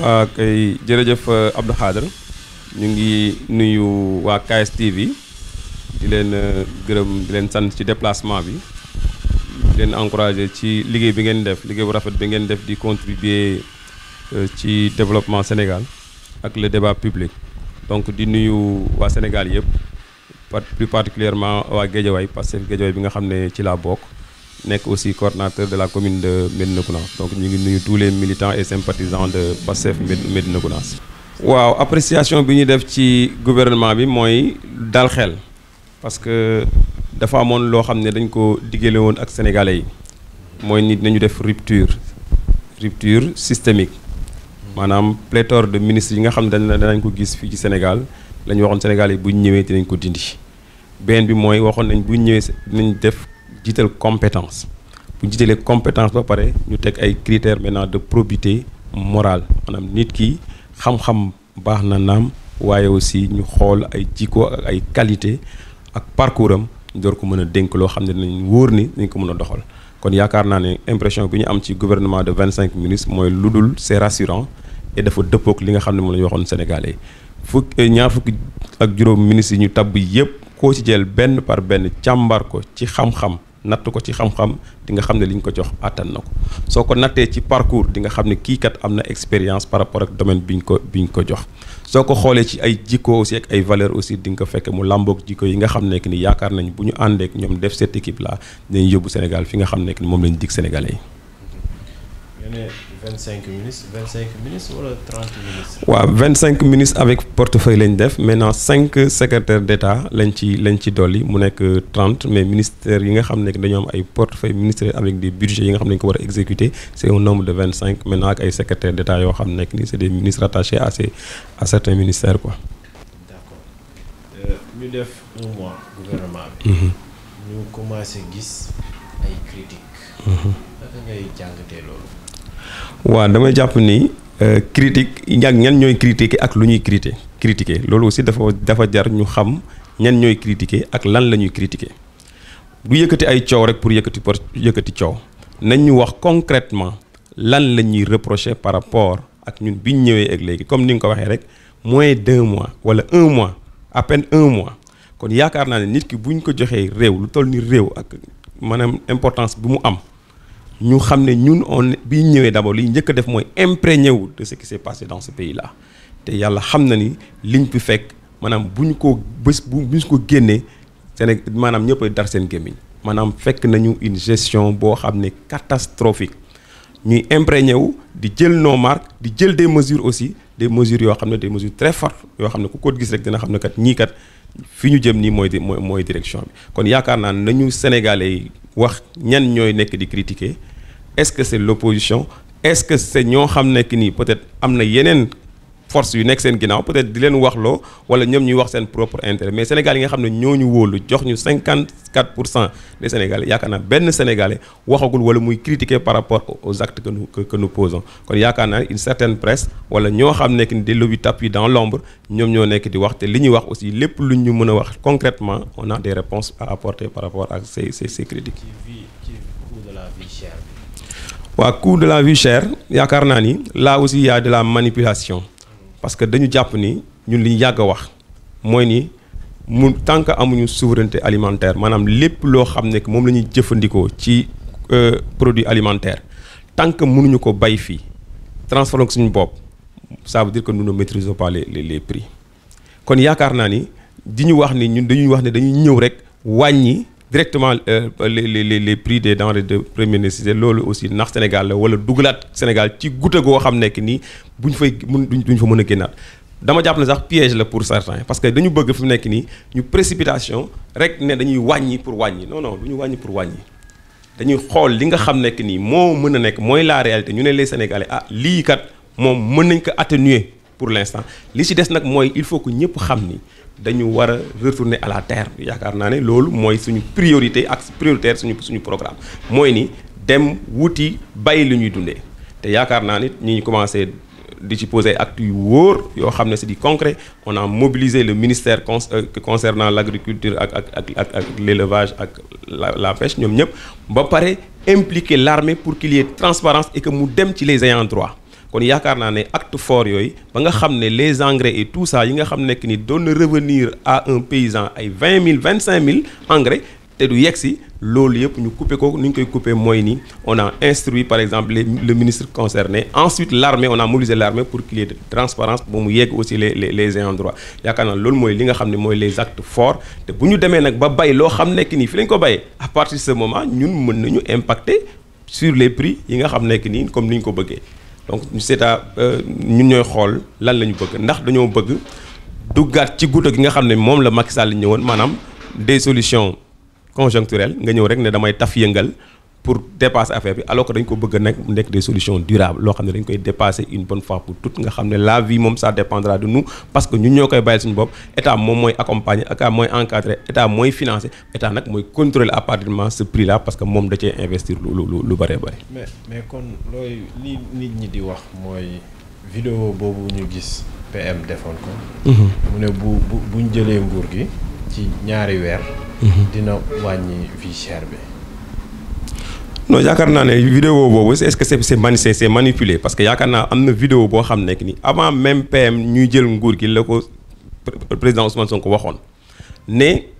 waa kay jërëjëf euh, Abdou Khadre ñu ngi nuyu waa KS TV di leen euh, gërëm di leen sant ci déplacement bi di leen encouragé ci liggéey bi ngeen def liggéey bu rafet bi ngeen def di contribuer euh, ci développement Sénégal ak le débat public donc di nuyu waa Sénégal yëpp plus particulièrement waa Guédiawaye parce que Guédiawaye bi nga xam ne ci laa bokk nekk aussi coordinateur de la commune de Médina Gounass donc ñu ngi nuyu tous les militants et sympathisants de Pastef Médina Gounass waaw apréciation bi ñu def ci gouvernement bi mooy dal xel parce que dafa amoon loo xam ne dañ ko diggale woon ak sénégalais yi mooy nit nañu def rupture rupture systémique maanaam pléthore de ministres yi nga xam ne danañ ko gis fii ci Sénégal la waxoon Sénégal yi bu ñu ñëwee nañ ko dindi benn bi mooy waxoon nañ buñ ñu ñëwee dinañ def jiital compétence bu jiitalee compétence ba pare ñu teg ay critère maintenant de probité morale maanaam nit ki xam-xam baax na naam waaye aussi ñu xool ay jikko ak ay qualité ak parcours am door ko mën a dénk loo xam ne dinañ wóor ni dañ ko mën a doxal kon yaakaar naa ne impression bi ñu am ci gouvernement de vingt cinq ministres mooy lu dul c'est rassurant et dafa dëppook li nga xam ne moom la ñu waxoon Sénégalais fukk eh, ñaar fukki ak juróom ministre yi ñu tabb yépp koo ci jël benn par benn càmbar ko ci xam natt ko ci xam-xam di nga xam ne li ko jox àttan na ko soo ko nattee ci parcours di nga xam ne kii kat am na expérience par rapport ak domaine bi ñu ko bi ñu ko jox soo ko xoolee ci ay jikko aussi ak ay valeur aussi di nga ko fekkee mu làmboog jikko yi nga xam ne ni yaakaar nañ bu ñu àndeek ñoom def cette équipe là dañuy yóbbu Sénégal fi nga xam ne ni moom lañ dig Sénégalais vingt cinq ministres vingt cinq ministres wala trente ministres. waaw vingt cinq ministres avec portefeuille lañ def maintenant cinq secrétaires d' état lañ ci lañ ci dolli mu nekk trente mais ministères yi nga xam ne dañoo am ay portefeuille ministériels avec des budgets yi nga xam ne dañ ko war a exécuter c' est un nombre de vingt cinq maintenant ak ay secrétaires d' état yoo xam nekk ni c' est des ministres attachés à ces à certains ministères quoi. d' accord euh, ñu def un mois gouvernement bi. Mm-hmm. ñu commencé gis ay critiques. Mm-hmm. naka ngay jàngatee loolu. waaw damay jàpp ni euh, critique ñag ñan ñooy critique ak lu ñuy critiquer critiquer loolu aussi dafa dafa jar ñu xam ñan ñooy critiquer ak lan la ñuy critiquer du yëkkati ay coow rek pour yëkkati pour yëkkati coow nañ ñu wax concretement lan la ñuy reprocher par rapport ak ñun bi ñu ñëwee ak léegi comme ni nga ko waxee rek moins deux mois wala un mois à un mois kon yaakaar naa ne nit ki bu ñu ko joxee réew lu toll ni réew ak maanaam importance bi mu am ñu xam ne ñun on bi ñëwee d'abord li njëkk a def mooy imprégné wu de ce qui s'est passé dans ce pays là te yàlla xam na ni liñ fi fekk maanaam bu ñu ko bés bu ñu ko génnee Sénégal maanaam ñëpp dar seen gémmiñ maanaam fekk nañu une gestion boo xam ne catastrophique ñuy imprégné wu di jël nos marques di jël des mesures aussi des mesures yoo xam ne des mesures très fortes yoo xam ne ku ko gis rek dina xam ne kat ñii kat ñu jëm nii mooy mooy mooy direction bi kon yaakaar naa nañu sénégalais yi wax ñan ñooy nekk di critiquer est-ce que c'est l'opposition est-ce que c'est ñoo xam nekk nii peut-être am na yeneen force yu nekk seen ginnaaw peut-être di leen wax loo wala ñoom ñuy wax seen propre intérêt mais Sénégal yi nga xam ne ñoo ñu wóolu jox ñu 54 pour cent des Sénégalais yaakaar naa benn Sénégalais waxagul wala muy critiquer par rapport aux actes que nous que, que kon yaakaar naa une certaine presse wala ñoo xam nekk ni des lobbies tapis dans l'ombre ñoom ñoo nekk di wax li ñuy wax aussi lépp lu ñu mën a wax concrètement a des réponses à par rapport à ces ces waa coût de la vie chère yaakaar naa ni la aussi il y de la manipilation parce que dañu jàpp ni ñun li ñu yàgg a wax mooy ni mu tant que amuñu souveraineté alimentaire maanaam lépp loo xam ne moom la ñuy jëfandikoo ci euh, produit alimentaire tant que mënuñu ko bay fii transformer ko suñu bopp ça veut dire que nous ne maîtrisons pas les les prix kon yaakaar naa ni di ñu wax ni ñun dañuy wax ne dañuy ñëw rek wàññi. directement euh, les les les prix des denrées de première nécessité loolu aussi ndax Sénégal la wala dugalaat Sénégal ci guute goo xam nekk nii bu ñu fay mun duñ fa mën a génnaat dama jàpp ne sax piège la pour certains parce que dañu bëgg fi mu nekk nii ñu précipitation rek ne dañuy wàññi pour wàññi non non du ñu wàññi pour wàññi. dañuy xool li nga xam nekk nii moo mën a nekk mooy la réalité ñu ne les Sénégalais ah lii kat moom mën nañ ko atténuer pour l'instant li ci des nag mooy il faut que ñëpp xam ni. dañu war a retourner à la terre yaakaar naa ne loolu mooy suñu priorité ak prioritaire suñu suñu programme mooy nii dem wuti bàyyi lu ñuy dundee te yaakaar naa nit ñi ñu commencé di ci poser acte yu wóor yoo xam ne si di concret on a mobilisé le ministère con euh, concernant l'agriculture ak ak ak ak ak l'élevage ak la la pêche ñoom ñëpp ba pare impliquer l'armée pour qu'il y ait transparence et mu dem ci les ayants kon yaakaar naa ne acte fort yooyu ba nga xam ne les engrais et tout ça yi nga xam nekk nii doon na revenir à un paysan ay vingt mille vingt cinq mille engrais te du yegg si loolu yëpp ñu couper ko ni ñu koy couper mooy ni on a instruit par exemple les, le ministre concerné ensuite l'armée on a mobilisé l'armée pour qu'il y ait de transparence ba mu yegg aussi les les les ayants droit yaakaar naa loolu mooy li nga xam ne mooy les actes forts te bu ñu demee nag ba bay loo xam nekk nii fi lañ ko bayee à partir de ñun mën nañu impacter sur les prix yi nga xam nekk nii comme ni ñu ko bëggee donc ñu seeta euh, ñun ñooy xool lan la ñu bëgg ndax dañoo bëgg duggaat ci guuta gi nga xam ne moom la Macky Sall ñëwoon maanaam des solutions conjoncturelles nga ñëw rek ne damay taf yëngal pour dépasser affaire bi alors que dañ ko bëgg a nekk nekk des solutions durables loo xam ne dañ koy dépasser une bonne fois pour toutes nga xam ne la vie moom ça dépendra de nous parce que ñun ñoo koy bàyyi suñu bopp état moom mooy accompagner état mooy encadrer état mooy financer état nag mooy contrôler à partir de ce prix là parce que moom da investir lu lu lu bëree bëri. mais mais kon looy li nit ñi di wax mooy. vidéo boobu ñu gis PM defoon ko. Mhm. mu ne bu bu buñ jëlee nguur gi ci ñaari weer. Mhm. dina wàññi vie bi. non yaakaar naa ne vidéo boobu est-ce que c'est c'est c'est manipulé parce que yaakaar naa am na vidéo boo xam nekk ni avant même PM ñuy jël nguur gi la ko président Ousmane ko waxoon ne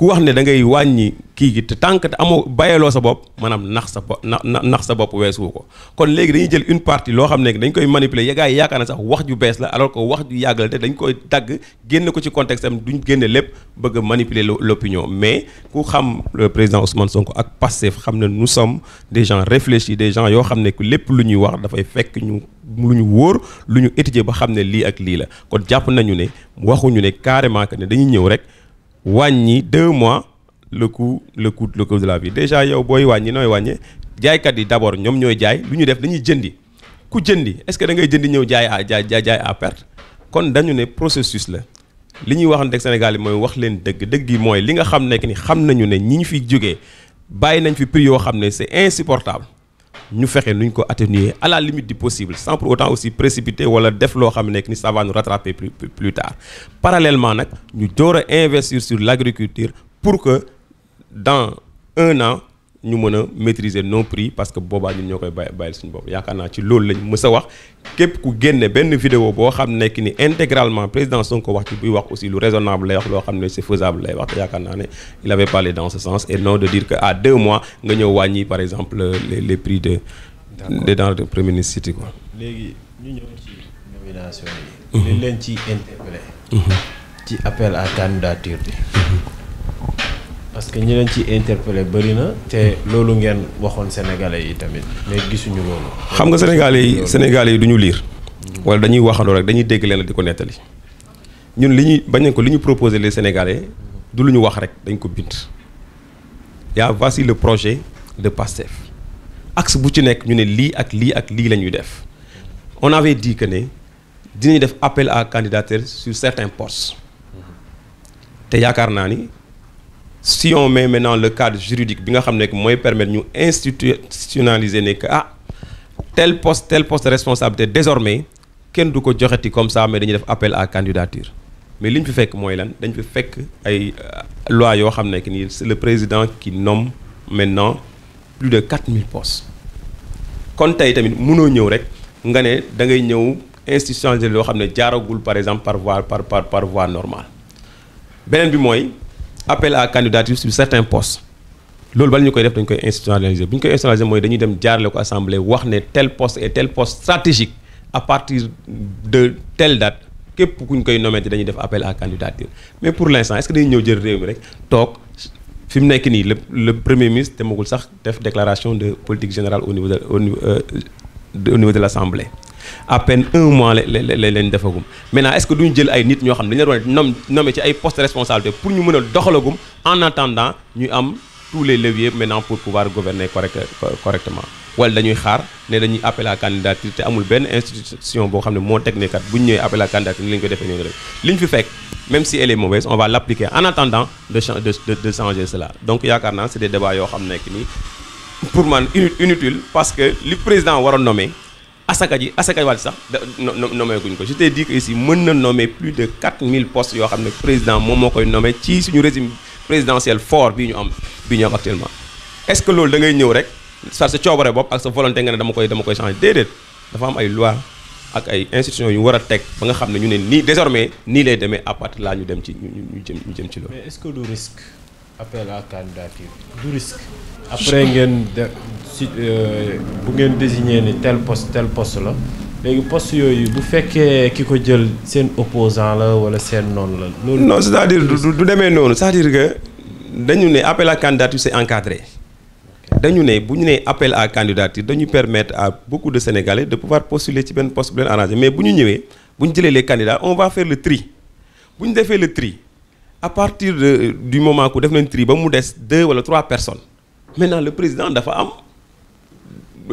ku wax ne da ngay wàññi kii gi te tànk te amoo bàyyeloo sa bopp maanaam nax sa bopp na nax sa bopp weesuwu ko kon léegi dañuy jël une partie loo xam ne dañ koy manipuler ya gaa sax wax ju bees la alors wax ju yàgg dañ koy dagg génn ko ci contexte am duñ lépp bëgg a manipuler l'opinion mais ku xam le président Ousmane Sonko ak Pastef xam ne nous sommes des gens réfléchis des gens yoo xam ne lépp lu ñuy wax dafay fekk ñu lu ñu wóor lu ñu étudier ba xam ne lii ak lii la kon jàpp nañu ne waxuñu ne carrément que ne dañuy ñëw rek wàññi deux mois le coût le coût le coût de la vie déjà yow booy wàññi nooy wàññee jaaykat yi d'abord ñoom ñooy jaay lu ñu def dañuy jëndi ku jëndi est-ce que da ngay jëndi ñëw jaay à jaay jaay perte kon dañu ne processus la li ñuy waxanteeg Sénégal yi mooy wax leen dëgg dëgg yi mooy li nga xam nekk ni xam nañu ne ñi ñu fi jógee bàyyi nañ fi prix yoo xam ne c'est insupportable ñu fexe nuñ ko atténuer à la di possible sans pour autant aussi précipiter wala def loo xam nekk ni ça va nous rattraper plus plus tard parallèlement nag ñu door a investir sur l'agriculture pour que dans un an ñu mën a maîtriser nos prix parce que boobaa ñun ñoo koy bàyyi bàyyil suñu bopp yaakaar naa ci loolu lañ mës wax képp ku génne benn vidéo boo xam nekk ni intégralement président Sonko wax ci buy wax aussi lu raisonnable lay wax loo xam ne c'est faisable lay wax te yaakaar naa ne il avait parlé dans ce sens et non de dire que à deux mois nga ñëw wàññi par exemple euh, le les prix de des denrées de première nécessité quoi. léegi ñu ñëw ci nomination yi. Mhm. leen ci mhm. ci appel à candidature bi. Mhm. parce que ñi leen ci interpellé bëri na te loolu ngeen waxoon sénégalais yi tamit mais gisuñu loolu. xam nga sénégalais yi sénégalais yi du ñu liir. wala dañuy waxandoo rek dañuy dégg leen di ko nettali. ñun li ñuy bañ ko li ñu proposé les sénégalais du lu ñu wax rek dañ ko bind. yaa voici le projet de PASTEF axe bu ci nekk ñu ne lii ak lii ak lii la ñuy def on avait dit que ne dinañ def appel à candidature sur certains postes te yaakaar naa ni. si mais met le cadre juridique bi nga xam ne mooy permettre ñu institutionnaliser ne que ah tel poste tel poste de responsabilité désormais kenn du ko joxeti comme ça mais dañuy def appel à candidature mais li ñu fi fekk mooy lan dañ fi fekk ay euh, loi yoo xam ne que ni c'est le président ki nomme maintenant plus de mille postes kon tey tamit mënoo ñëw rek nga ne da ngay ñëw institutionnaliser loo xam ne jaaragul par exemple par voie par par par voie normale beneen bi mooy appel à candidature sur certains postes loolu bala ñu koy def dañu koy institutionnaliser bu ñu koy institutionnaliser mooy dañuy dem jaarale ko assemblée wax ne tel poste et tel poste stratégique à partir de tel date képp ku ñu koy nommer dañuy def appel à candidature mais pour l' instant est ce que dañuy ñëw jël réew mi rek toog fi mu nekk nii le le premier ministre demagul sax def déclaration de politique générale au niveau de au niveau euh, de l' assemblée à peine un mois la la leen defagum maintenant est ce que duñu jël ay nit ñoo xam ne dañu leen doon nommé ci ay postes de responsabilité pour ñu mën a doxalagum en attendant ñu am tous les leviers maintenant pour pouvoir gouverner correct correctement wala dañuy xaar ne dañuy appel à te amul benn institution boo xam ne moo teg ne kat bu ñu ñëwee appel à ni la ñu defee noonu li ñu fi fekk même si elle mauvaise on va l' en attendant de de de changer cela donc yaakaar naa c' est que li président war a nommer asaka ji asaka wàll sax da nommé guñ ko je t'ai dit que ici mën na nommer plus de 4000 postes yoo xam ne président moom moo koy nommer ci suñu régime présidentiel fort bi ñu am bi ñu am actuellement est loolu da ngay ñëw rek sa sa coobare bopp ak sa volonté nga ne dama koy dama koy changer déedéet dafa am ay loi ak ay institutions yu war a teg ba nga xam ne ñu ne nii désormais nii lay demee à partir ñu dem ci ñu ñu jëm ci loolu. mais est-ce appel à candidature du risque. après ngeen def si euh, bu ngeen désigné ni tel post tel post la léegi post yooyu bu fekkee ki ko jël seen opposant la wala seen noonu la. loolu non c'est-à-dire du demee noonu c'est-à-dire que dañu ne appel à candidature c'est encadré. dañu ne bu ñu nee appel à candidature dañu a à beaucoup de Sénégalais de pouvoir postuler ci benn poste bu leen arrangé mais bu ñu ñëwee bu ñu jëlee les candidats on va faire le tri bu ñu defee le tri à partir de euh, du moment ku def nañ tri ba mu des deux wala trois personnes maintenant le président dafa am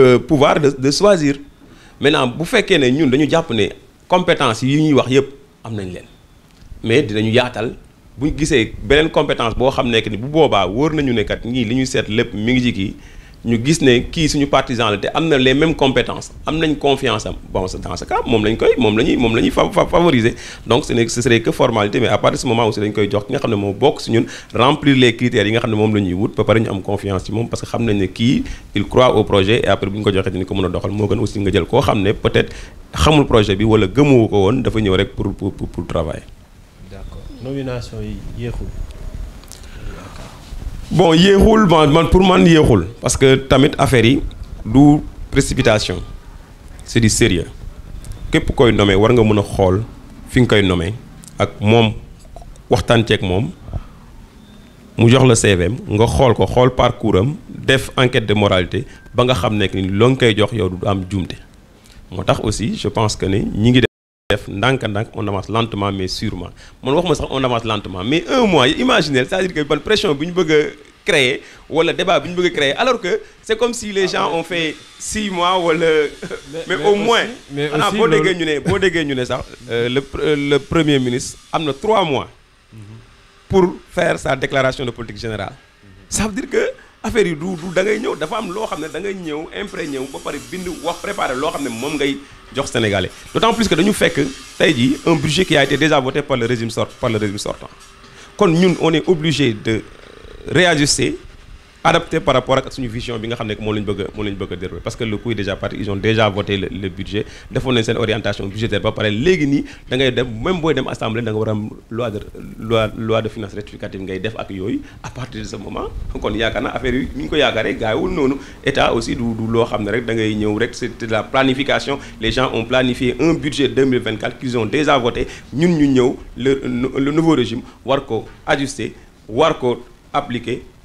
euh, pouvoir de de choisir maintenant bu fekkee ne ñun dañu jàpp ne compétence yi ñuy wax yëpp am nañ leen mais dinañu yaatal bu ñu gisee beneen compétence boo xam ne que ni bu boobaa wóor nañu ne kat ñii li ñuy seet lépp mi ngi ci kii ñu gis ne kii suñu partisan la te am na les mêmes compétences am nañ confiance am bon dans ce cas moom lañ koy moom la ñuy moom la ñuy favoriser donc ce n'est ce serait que formalité mais à partir de ce aussi dañ koy jox ki nga xam ne moo bokk si ñun remplir les critères yi nga xam ne moom la ñuy wut ba pare ñu am confiance ci moom parce que xam ne kii il croit au projet après bu ñu ko joxee dinañ ko mën a doxal moo gën aussi nga jël koo xam ne peut-être xamul projet ko woon dafa ñëw rek pour pour pour travailler. d'accord nomination yi yéexul. bon yéexul bon man pour man yéexul parce que tamit affaire yi du précipitation c'est di sérieux képp koy nommé war nga mën a xool fi nga koy nommé ak moom waxtaan ceeg moom mu jox la CVM nga xool ko xool parcours am def enquête de moralité ba nga xam nekk ni loo ngi koy jox yow du am jumte moo tax aussi je pense que ni ñi ngi def ndànk-ndànk on avance lentement mais sûrement man waxuma sax on avance lentement mais un mois imaginez c'est-à-dire que ban pression bi ñu bëgg a créer wala débat bi ñu bëgg créer alors que c'est comme si les ah, gens ont fait six mois wala mais au moins xanaa boo déggee ñu ne boo déggee ñu ne sax euh, le euh, le premier ministre am na trois mois mhm. pour faire sa déclaration de politique générale mhm. ça veut dire que affaire yi du du ngay ñëw dafa am loo xam ne da ngay ñëw imprégné ñëw ba pare bind wax préparé loo xam ne moom ngay jox sénégalais d'autant plus que dañu fekk tey jii un budget qui a été déjà voté par le régime sort par le régime sortant kon ñun on est obligé de réajuster adapté par rapport ak suñu vision bi nga xam ne moom lañ bëgg a moom lañ bëgg a dérouler parce que le coup est déjà parti ils ont déjà voté le, budget defoon nañ seen orientation budgétaire ba pare léegi nii da ngay dem booy dem assemblée da nga a am loi de loi de finance rectificative ngay def ak yooyu à de ce moment kon yaakaar na affaire yi ni ñu ko yaakaaree gaawul noonu état aussi du du loo xam ne rek da ngay ñëw rek c'est de la planification les gens ont planifié un budget 2024 qu'ils ont déjà voté ñun ñu war ko ajuster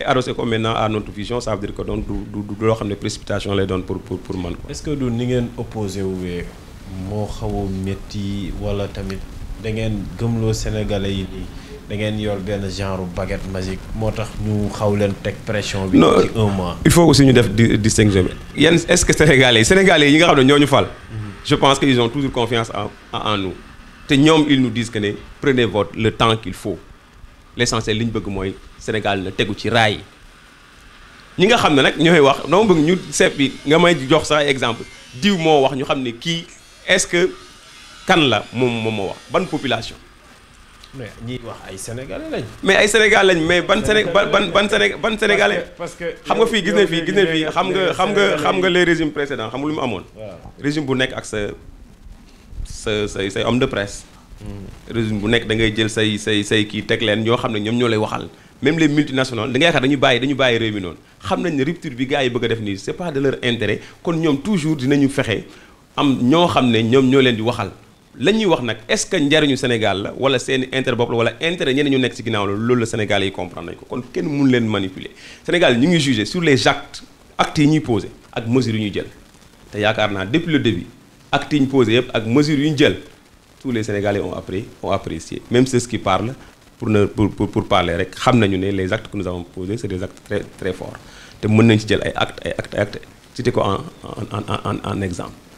et arrosé ko maintenant à notre vision ça veut dire du du du loo xam ne précipitation lay doon pour pour pour man ko. est-ce que du ni ngeen opposé wu moo xaw a métti wala tamit da ngeen gëmloo sénégalais yi nii da ngeen yor benn genre baguette magique moo tax ñu xaw leen teg pression bi. ci un mois il faut aussi ñu def distinction bi yan est-ce que sénégalais sénégalais yi nga xam ne ñoo ñu fal. Mhm. je pense que ils ont toujours confiance en en nous te ñoom ils nous disent que ne le temps qu'il faut. l'essentiel li ñu bëgg mooy Sénégal na tegu ci raay yi ñi nga xam ne nag ñooy wax dama bëgg ñu seet nga may jox sax exemple diw moo wax ñu xam ne kii est-ce que kan la moom moom moo wax ban population. mais ñiy wax ay sénégalais mais ay sénégalais lañ mais ban séné ban ban ban ban sénégalais. parce que xam nga fii gis nañ fii gis nañ fii xam nga xam nga xam nga les régimes précédents xam nga lu mu amoon. régime bu nekk ak sa sa say say homme de presse. résine bu nekk da ngay jël say say say kii teg leen ñoo xam ne ñoom ñoo lay waxal même les multinationales da ngay yaakaar dañu bàyyi dañu bàyyi réew mi noonu xam nañ ne rupture bi gars yi bëgg a def nii c'est pas de leur intérêt kon ñoom toujours dinañu fexe am ñoo xam ne ñoom ñoo leen di waxal la ñuy wax nag est-ce que njariñu Sénégal la wala seeni intérêt bopp la wala intérêt ñeneen ñu nekk ci ginnaaw la loolu la Sénégal yi comprendre nañ ko kon kenn mun leen manipuler Sénégal ñu ngi jugé sur les actes actes yi ñuy posé ak mesures yu ñu jël te yaakaar naa depuis le début actes yi posé yëpp ak mesures yu ñu jël tous les Sénégalais ont appris ont apprécié même ceux qui parlent pour ne pour pour, pour parler rek xam nañu ne les actes que nous avons posés c'est des actes très très forts te mën nañ ci jël ay actes ay actes ay actes cité ko en en en en en exemple.